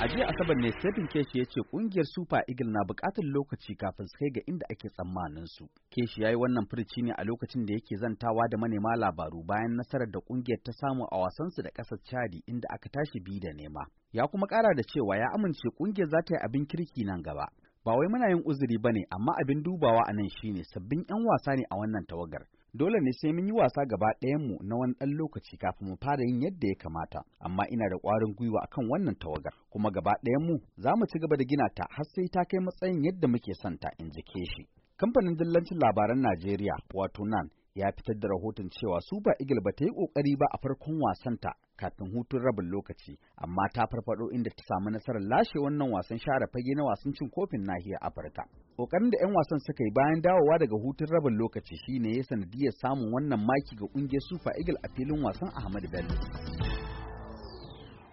A jiya Asabar ne Stephen Keshi ya ce kungiyar Super Eagle na bukatar lokaci kafin su kai ga inda ake tsammanin su. Keshi ya yi wannan firci ne a lokacin da yake zantawa da manema labaru bayan nasarar da kungiyar ta samu a wasansu da ƙasar Chadi inda aka tashi biyu da nema. Ya kuma ƙara da cewa ya amince kungiyar za ta yi abin kirki nan gaba. Ba wai muna yin uzuri ba ne, amma abin dubawa a nan shine sabbin 'yan wasa ne a wannan tawagar. dole ne sai mun yi wasa gaba ɗayanmu na wani ɗan lokaci kafin mu fara yin yadda ya kamata, amma ina da ƙwarin gwiwa a kan wannan tawagar, kuma gaba ɗayanmu za mu ci gaba da gina ta har sai ta kai matsayin yadda muke son ta in ji shi. Kamfanin dillancin labaran Najeriya, wato NAN, ya fitar da rahoton cewa Super Eagle ba ta yi ƙoƙari ba a farkon wasanta kafin hutun rabin lokaci, amma ta farfado inda ta samu nasarar lashe wannan wasan share fage na wasan cin kofin nahiyar Afirka. Ƙoƙarin da 'yan wasan suka yi bayan dawowa daga hutun rabin lokaci shine ya sanadiyar samun wannan maki ga ƙungiyar Super Eagle a filin wasan Ahmadu Bello.